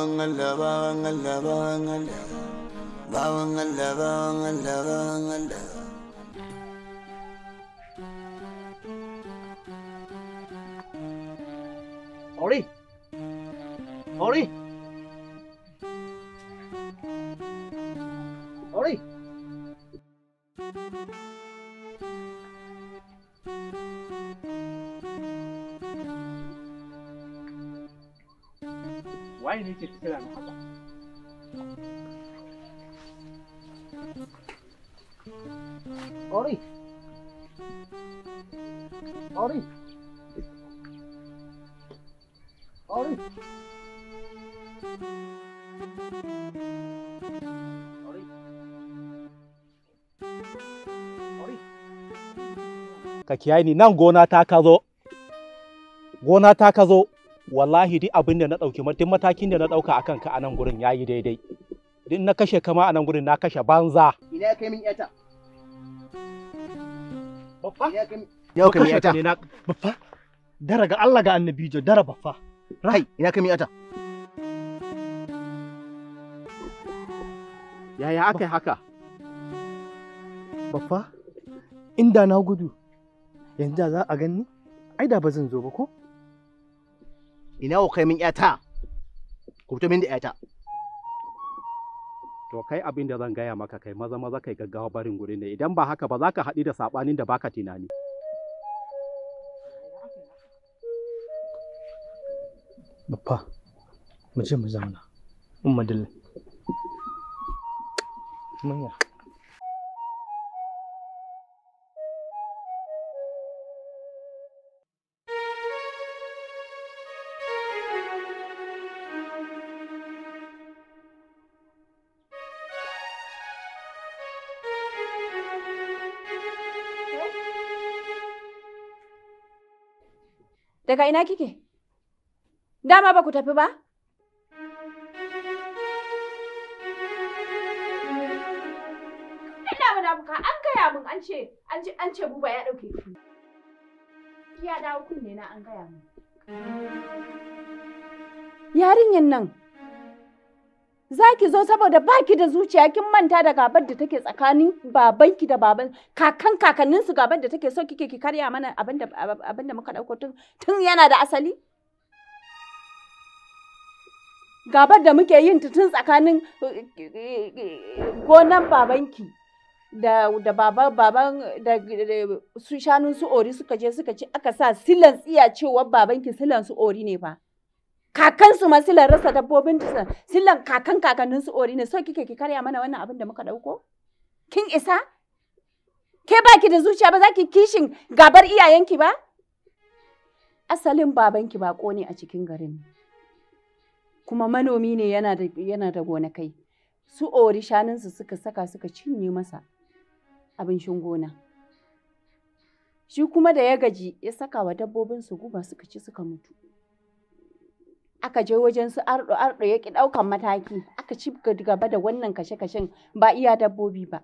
ഭാവങ്ങളല്ല ഭാവങ്ങളല്ല ഭാവങ്ങളല്ല ഭാവങ്ങളല്ല ഭാവങ്ങളല്ല ഭാവങ്ങളല്ല ഓടി ഓടി ഓടി Thank you. waye ne ke kira na haka Ori Ori Ori Ori Ori Ka kiyaye ni nan gona ta ka zo gona ta ka zo wallahi duk abin da na ɗauki duk matakin da na ɗauka akan ka a nan gurin ya yi daidai duk na kashe kama a nan gurin na kashe banza ina ya kai min yata baffa ina ya kai min yata baffa dara ga Allah ga annabi jo dara baffa rai ina kai min yata yaya akai haka baffa inda na gudu yanzu za a gani ai da ba zan zo ba ko ina wa kai min yata ku fito min da yata to kai abin da zan gaya maka kai maza maza kai gaggawa barin gurin ne idan ba haka ba za ka haɗu da sabanin da baka tunani mu mu zauna, Daga ina kike? Dama ba ku tafi ba? Ina mana buka an gaya min an ce an ce an ce buba ya dauke ki. Ya dawo kun ne na an gaya min. Yarinyan nan za ki zo saboda baki da zuciya kin manta da gabar da take tsakanin babanki da baban kakan kakannin su gabar da take so kike ki karya mana abin da muka dauko tun tun yana da asali gabar da muke yin tun tsakanin gonan babanki da da baba baban da su shanun su ori suka je suka ci aka sa silan tsiya cewa babanki silan su ori ne fa kakansu ma silan rasa dabbobin silan kakan kakannin su ori ne so kike ki karya mana wannan abin da muka dauko kin isa ke baki da zuciya ba za ki kishin gabar iyayenki ba asalin babanki bako ne a cikin garin kuma manomi ne yana da yana da gonakai su ori shanunsu suka saka suka cinye masa abin shin gona shi kuma da ya gaji ya saka wa dabbobin su guba suka ci suka mutu aka je wajen su arɗo arɗo ya ki ɗaukan mataki aka ci gaba da wannan kashe-kashen ba iya dabbobi ba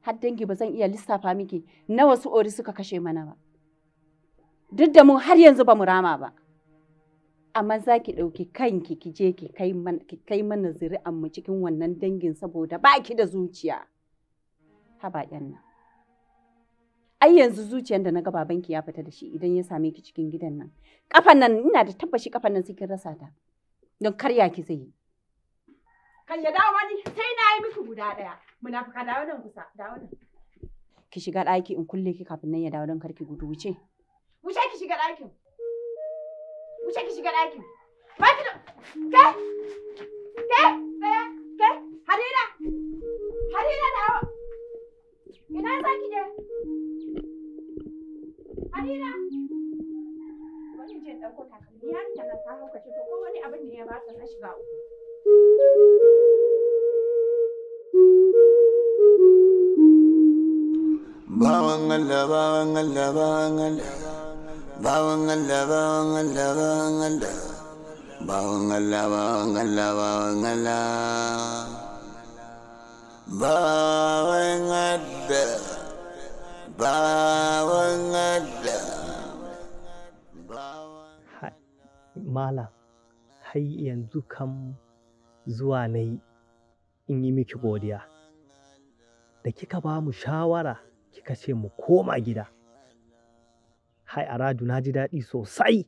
har dangi ba zan iya lissafa miki nawa su ori suka kashe mana ba duk da mu har yanzu ba mu rama ba amma za ki ɗauki kanki ki je ki kai mana zuri'an mu cikin wannan dangin saboda ba ki da zuciya haba nan ai yanzu zuciyar da na ga babanki ya fita da shi idan ya same ki cikin gidan nan kafan nan ina da tabbashi kafan nan kin rasa ta don karya ki zai yi kan ya dawo wani sai na yi miki guda daya munafuka dawo nan kusa dawo nan ki shiga daki in kulle ki kafin nan ya dawo don karki gudu wuce wuce ki shiga ɗakin wuce ki shiga ɗakin ba ki da ke ke ke harira harira dawo ina za ki je Adina. Bari je ɗauko takalmi yarinya nan ta haukace to ko wani abin da ya ba ta na shiga uku. Bawan Allah, bawan Allah, bawan Allah, bawan Allah, bawan Allah, bawan Allah, bawan Allah, bawan Allah, bawan Allah, bawan Allah. bawan Allah mala har yanzu kam zuwa na yi in yi miki godiya da kika ba mu shawara kika ce mu koma gida hai aradu na ji daɗi sosai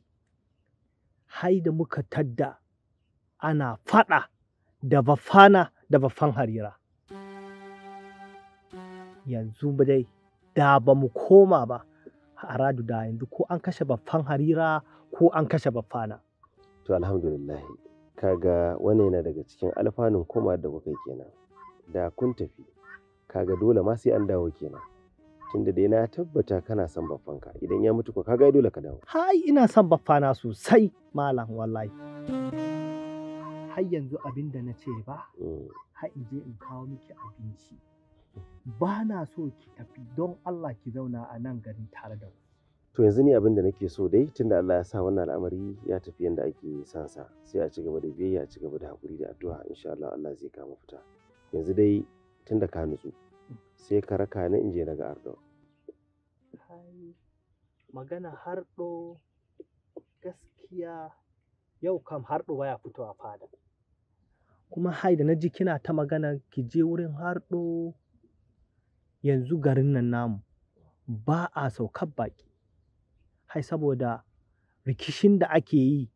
hai da muka tadda ana faɗa da bafana da bafan harira yanzu dai da ba mu koma ba radu da yanzu ko an kashe baffan harira ko an kashe baffana. To alhamdulillah kaga wani yana daga cikin alfanun koma da kuka kenan da kun tafi kaga dole ma sai an dawo kenan tunda dai na tabbata kana son baffanka idan ya mutu ko kaga dole ka dawo. Hai ina son baffana sosai malam wallahi. Har yanzu abin da na ce ba, mm. har in je in kawo miki abinci. ba na so ki tafi don Allah ki zauna a nan garin tare da mu. To yanzu ne abin da nake so dai tunda Allah ya sa wannan al'amari ya tafi yanda ake son sa sai a ci gaba da biyayya a ci da hakuri da addu'a insha Allah Allah zai kama fita. Yanzu dai tunda ka nutsu sai ka raka ni in je daga Ardo. Magana harɗo gaskiya yau kam harɗo baya fitowa fada. Kuma hai da na ji kina ta magana ki je wurin harɗo yanzu garin nan namu ba a saukar baƙi. Hai saboda rikishin da ake yi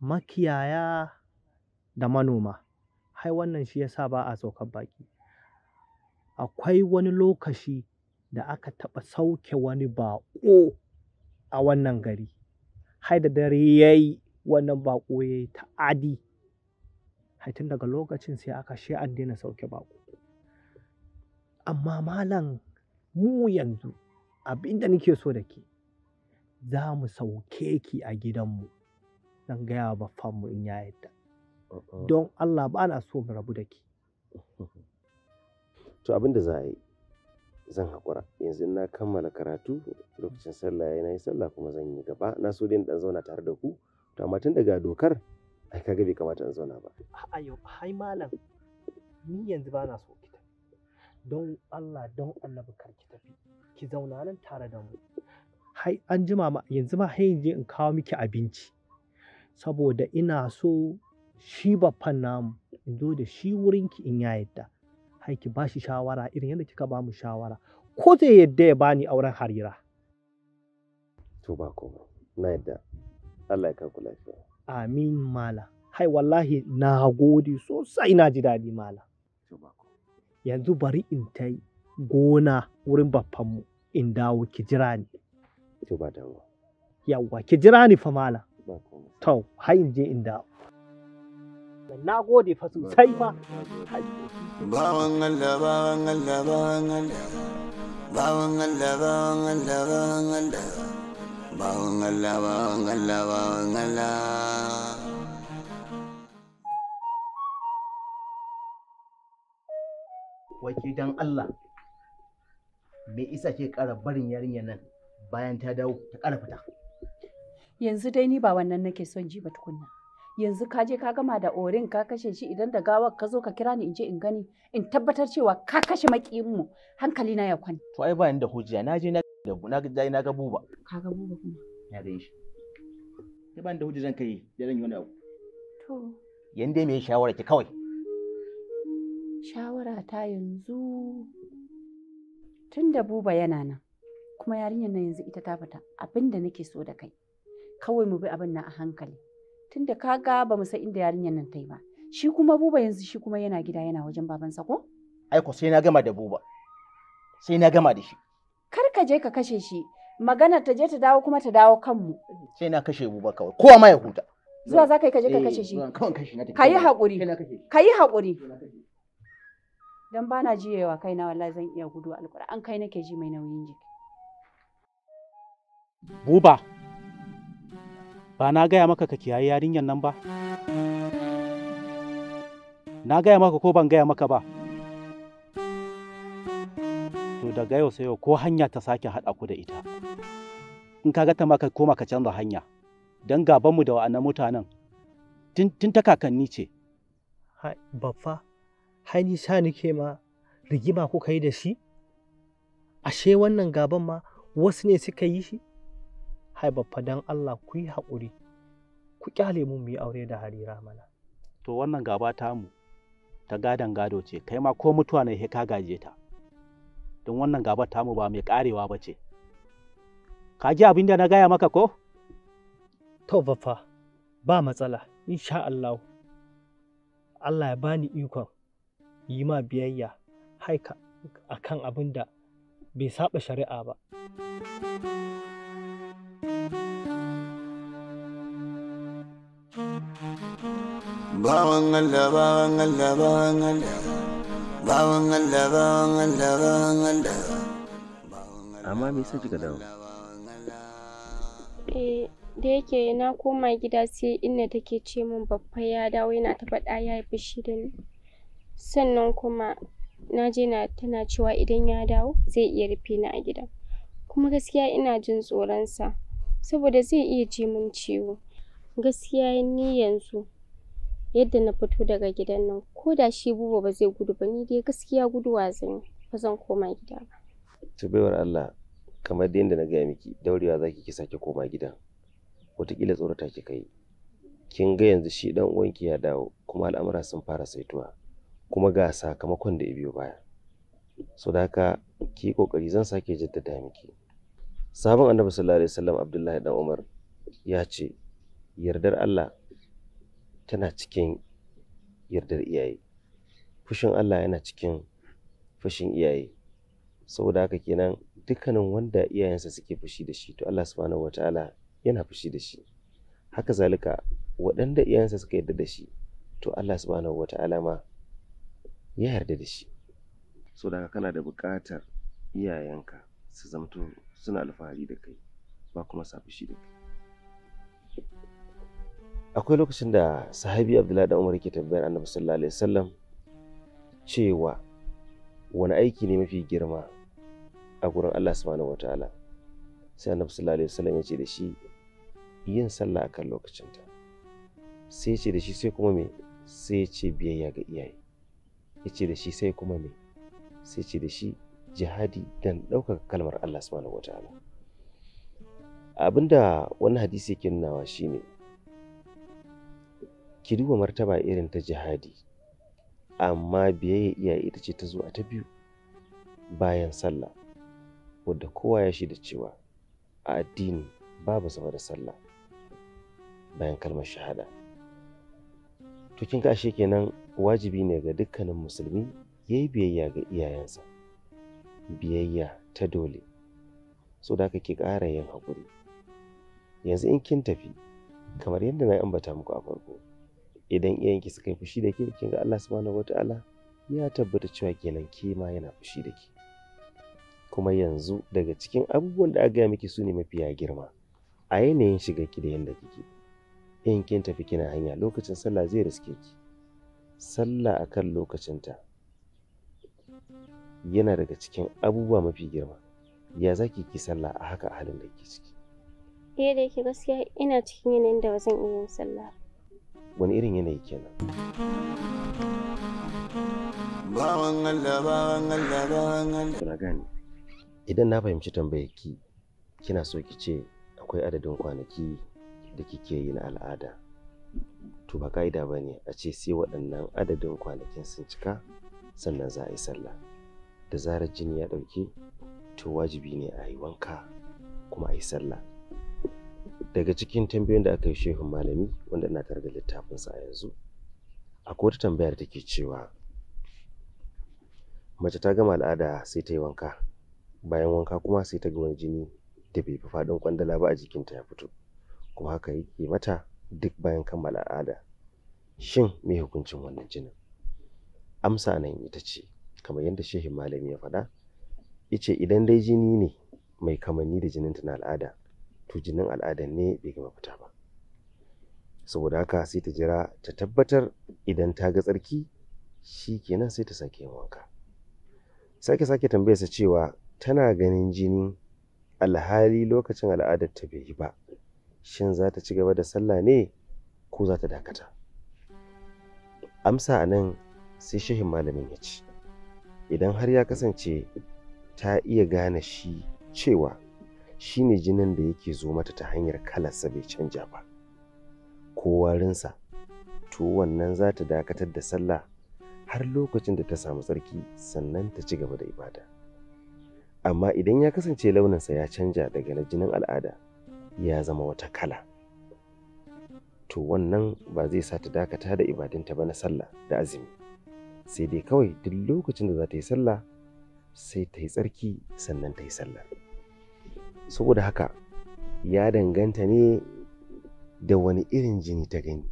makiyaya da manoma. Hai wannan shi ya ba a saukar baƙi. Akwai wani lokaci da aka taɓa sauke wani baƙo a wannan gari. Hai da dare ya yi wannan baƙo ya yi adi, Hai tun daga lokacin sai aka shi an daina sauke baƙo. Amma malam mu yanzu abin da nake so da ke, za mu sauke ki a gidanmu. Zan gaya ba famu in ya yadda. Uh-uh. Don Allah ba na so mu rabu da ke. To abin da za a yi, zan haƙura. Yanzu na kammala karatu lokacin sallah ya yi sallah kuma zan yi gaba. Na so dai dan zauna tare da ku. To amma tun daga dokar, ai kaga bai kamata in zauna ba. A'a yau, hai malam, ni yanzu ba na so. don Allah don annabi kar ki tafi ki zauna nan tare da mu hai an jima ma yanzu ma hai je in kawo miki abinci saboda ina so shi baffan namu in zo da shi wurin ki in ya yadda hai ki bashi shawara irin yadda kika ba mu shawara ko zai yadda ya bani auren harira to ba ko, na yadda Allah ya kanku lafiya amin mala hai wallahi na gode sosai na ji dadi mala to ba yanzu bari in ta gona wurin baffanmu in dawo ki jira ni. To Yawwa ki jira ni fa To har in je in dawo. Na gode fa sosai fa. Bawan Allah bawan Allah bawan Allah. Bawan Allah bawan Allah bawan Allah. Bawan Allah bawan Allah bawan Allah. wai dan Allah me isa ke ƙara barin yarinyar nan bayan ta dawo ta ƙara fita yanzu dai ni ba wannan nake son ji ba tukunna yanzu ka je ka gama da orin ka kashe shi idan da gawar ka zo ka kira ni in je in gani in tabbatar cewa ka kashe makiyin mu hankali na ya kwani to ai ba da hujja na je na da na ga na ga buba ka ga buba kuma ya ga shi ba da hujja zan kai da zan yi wani to yanda me shawara ki kawai Shawara ta yanzu tun da buba yana nan kuma yarinyar nan yanzu ita ta fita abin da nake so da kai kawai mu bi abin nan a hankali tun da ga ba mu san inda yarinyar nan ta yi ba shi kuma buba yanzu shi kuma yana gida yana wajen babansa ko aiko sai na gama da buba sai na gama da shi kar ka je ka kashe shi magana ta je ta dawo kuma ta dawo kanmu sai na kashe buba kawai kowa ma ya huta zuwa za ka yi ka je ka kashe eh, shi ka yi haƙuri ka yi haƙuri dan bana jiyewa kaina wallahi zan iya gudu alƙur'an kai nake ji mai nauyin jiki buba ba na gaya maka ka kiyaye yarinyar nan ba na gaya maka ko ban gaya maka ba to daga yau sai ko hanya ta sake haɗa ku da ita in ka ga ta maka koma ka canza hanya don mu da wa'annan mutanen tun ta kakanni ce. Baffa, hani sa nike ma rigima kuka yi da shi ashe wannan gaban ma wasu ne suka yi shi hai babba dan Allah ku yi haƙuri ku kyale mu mu yi aure da harira mana to wannan gaba ta mu ta gadon gado ce kai ma ko mutuwa ne ka gaje ta don wannan gaba ta mu ba mai karewa ba ce ka ji abin da na gaya maka ko to fa ba matsala insha Allah Allah ya bani ikon yi ma biyayya haika a kan abin da bai saba shari'a ba bawan Allah bawan Allah bawan Allah bawan Allah bawan Allah bawan Allah amma me yasa kika dawo eh da yake na koma gida sai inda take ce min babba ya dawo yana ta faɗa ya yi fushi da ni sannan kuma na je na tana cewa idan ya dawo zai iya rufe ni a gida kuma gaskiya ina jin tsoronsa saboda zai iya ji min ciwo gaskiya ni yanzu yadda na fito daga gidan nan ko da shi buba ba zai gudu ba ni dai gaskiya guduwa zan ba zan koma gida ba to baiwar Allah kamar da yadda na gaya miki daurewa zaki ki sake koma gida wataƙila tsorata ki kai kin ga yanzu shi dan uwanki ya dawo kuma al'amura sun fara saituwa kuma ga sakamakon da ya biyo baya so da haka ki kokari zan sake jaddada miki sabon annabi sallallahu alaihi wasallam abdullahi dan umar ya ce yardar allah tana cikin yardar iyaye fushin allah yana cikin fushin iyaye saboda haka kenan dukkanin wanda iyayensa suke fushi da shi to allah subhanahu wataala yana fushi da shi haka zalika waɗanda iyayensa suka yarda da shi to allah subhanahu wataala ma ya yarda da shi so daga kana da buƙatar iyayenka su zamto suna alfahari da kai ba kuma sa fushi da kai akwai lokacin da sahabi abdullahi da umar ke tambayar annabi sallallahu alaihi wasallam cewa wani aiki ne mafi girma a gurin Allah subhanahu wataala sai annabi sallallahu alaihi wasallam ya ce da shi yin sallah akan lokacinta sai ya ce da shi sai kuma me sai ya ce biyayya ga iyaye ya ce da shi sai kuma me sai ce da shi jihadi don ɗaukaka kalmar Allah subhanahu wataala abinda wani hadisi yake nunawa shine ki duba martaba irin ta jihadi amma biyayya iya ita ce ta zuwa ta biyu bayan sallah wadda kowa ya da cewa a addini babu sama da sallah bayan kalmar shahada to kin ga kenan wajibi ne ga dukkanin musulmi ya yi biyayya ga iyayensa biyayya ta dole so da ki ƙara yin haƙuri yanzu in kin tafi kamar yadda na ambata muku a farko idan iyayenki suka yi fushi da ke kin ga Allah subhanahu wata'ala ya tabbata cewa kenan ke ma yana fushi da ke kuma yanzu daga cikin abubuwan da aka gaya miki su ne mafiya girma a yanayin shiga ki da yadda kike in kin tafi kina hanya lokacin sallah zai riske ki sallah a kan lokacinta yana daga cikin abubuwa mafi girma ya za ki sallah a haka a halin da ke ciki ɗaya da yake gaskiya ina cikin yanayin da ba zan iya yin sallah wani irin yanayi kenan bawan Allah bawan Allah bawan Allah idan na fahimci tambayar ki kina so ki ce akwai adadin kwanaki da kike yi na al'ada to ba ka'ida ba ne a ce sai waɗannan adadin kwanakin sun cika sannan za a yi sallah da zarar jini ya ɗauke to wajibi ne a yi wanka kuma a yi sallah daga cikin tambayoyin da aka yi shehun malami wanda ina tare da littafinsa a yanzu akwai wata tambayar ke cewa mace ta gama al'ada sai ta yi wanka bayan wanka kuma sai ta ga wani jini da bai fi faɗin kwandala ba a jikinta ya fito kuma haka yake mata duk bayan kammala al'ada shin me hukuncin wannan jinin amsa nan ita ce kamar yadda shehin malami ya faɗa Ice idan dai jini ne mai kamanni da jinin tana al'ada to jinin al'ada ne bai gama fita ba saboda haka sai ta jira ta tabbatar idan ta ga tsarki shi kenan sai ta sake yin wanka sake sake tambayarsa cewa tana ganin jini alhali lokacin al'adar ta bai yi ba shin za ta ci gaba da sallah ne ko za ta dakata amsa a nan sai shehin malamin ya ce idan har ya kasance ta iya gane shi cewa shi ne jinin da yake zo mata ta hanyar kalarsa bai canja ba ko warinsa to wannan za ta dakatar da sallah har lokacin da ta samu tsarki sannan ta ci gaba da ibada amma idan ya kasance launinsa ya canja daga na jinin al'ada ya zama wata kala to wannan ba zai sa ta dakata da ibadunta ba na sallah da azumi sai dai kawai duk lokacin da za ta yi sallah sai ta yi tsarki sannan ta yi sallah saboda haka ya danganta ne da wani irin jini ta gani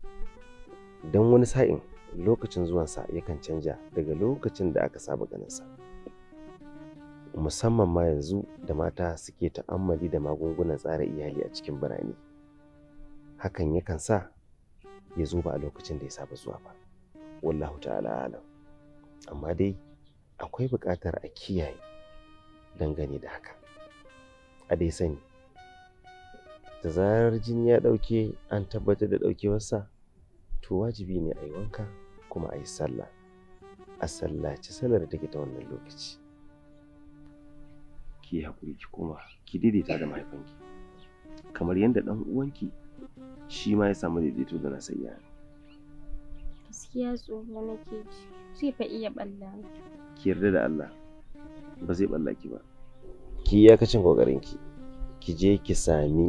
don wani sa'in lokacin zuwansa yakan canja daga lokacin da aka saba ganinsa. musamman ma yanzu da mata suke ta'ammali da magungunan tsara iyali a cikin birane hakan yakan sa ya zo ba a lokacin da ya saba zuwa ba wallahu ta'ala alam amma dai akwai buƙatar a kiyaye dangane da haka a dai sani da zarar jini ya ɗauke an tabbatar da ɗaukewarsa to wajibi ne a yi wanka kuma a yi sallah a sallaci sallar da ta wannan lokaci ki yi hakuri ki koma ki daidaita da mahaifanki kamar yadda ɗan uwanki shi ma ya samu daidaito da na sayya gaskiya tsoro nake ji zai fa iya balla ki yarda da Allah ba zai balla ki ba ki iyakacin kokarin ki ki je ki sami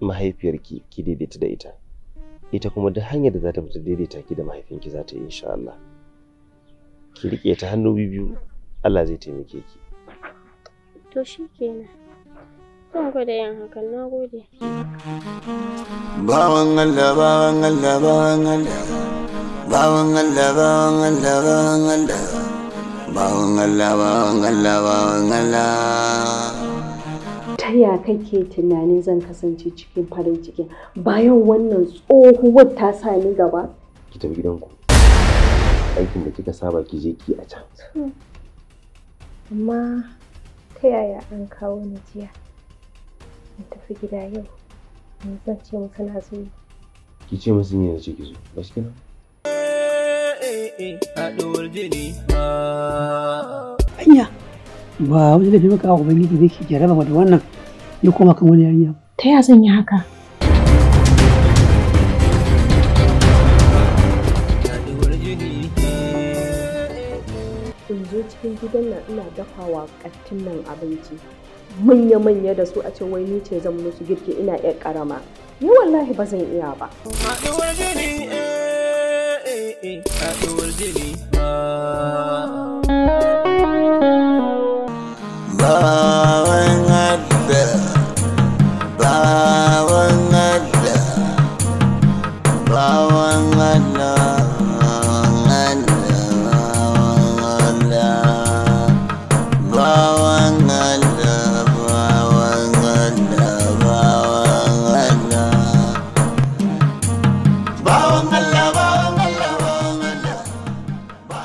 mahaifiyarki ki daidaita da ita ita kuma duk hanyar da za ta fita daidaita ki da mahaifinki za ta yi insha Allah ki rike ta hannu biyu Allah zai taimake ki To shi kenan. Zan gwada yin hakan na gode. Bawan Allah, bawan Allah, bawan Allah. Bawan Allah, bawan Allah, bawan Allah. Bawan Allah, bawan Allah, bawan Allah. ta ya kake tunanin zan kasance cikin farin ciki bayan wannan tsohuwar ta sa ni gaba? Ki tafi gidanku. Aikin da kika saba ki je ki a can. Amma ta yaya an kawo ni jiya in tafi gida yau in zan ce musu na zo ki ce musu ne da ce ki zo ba shi eh, kenan eh, eh, haɗuwar jini hanya ah. ba wani da bi maka ubangiji ne ke jaraba da wannan ya koma kan wani yarinya ta ya zan yi haka gidan nan ina dafawa kattin nan abinci manya-manya da su a ce wai ni ce zan musu girki ina yar karama ni wallahi ba zan iya ba haɗuwar jini eh, eh, eh, haɗuwar ah. ba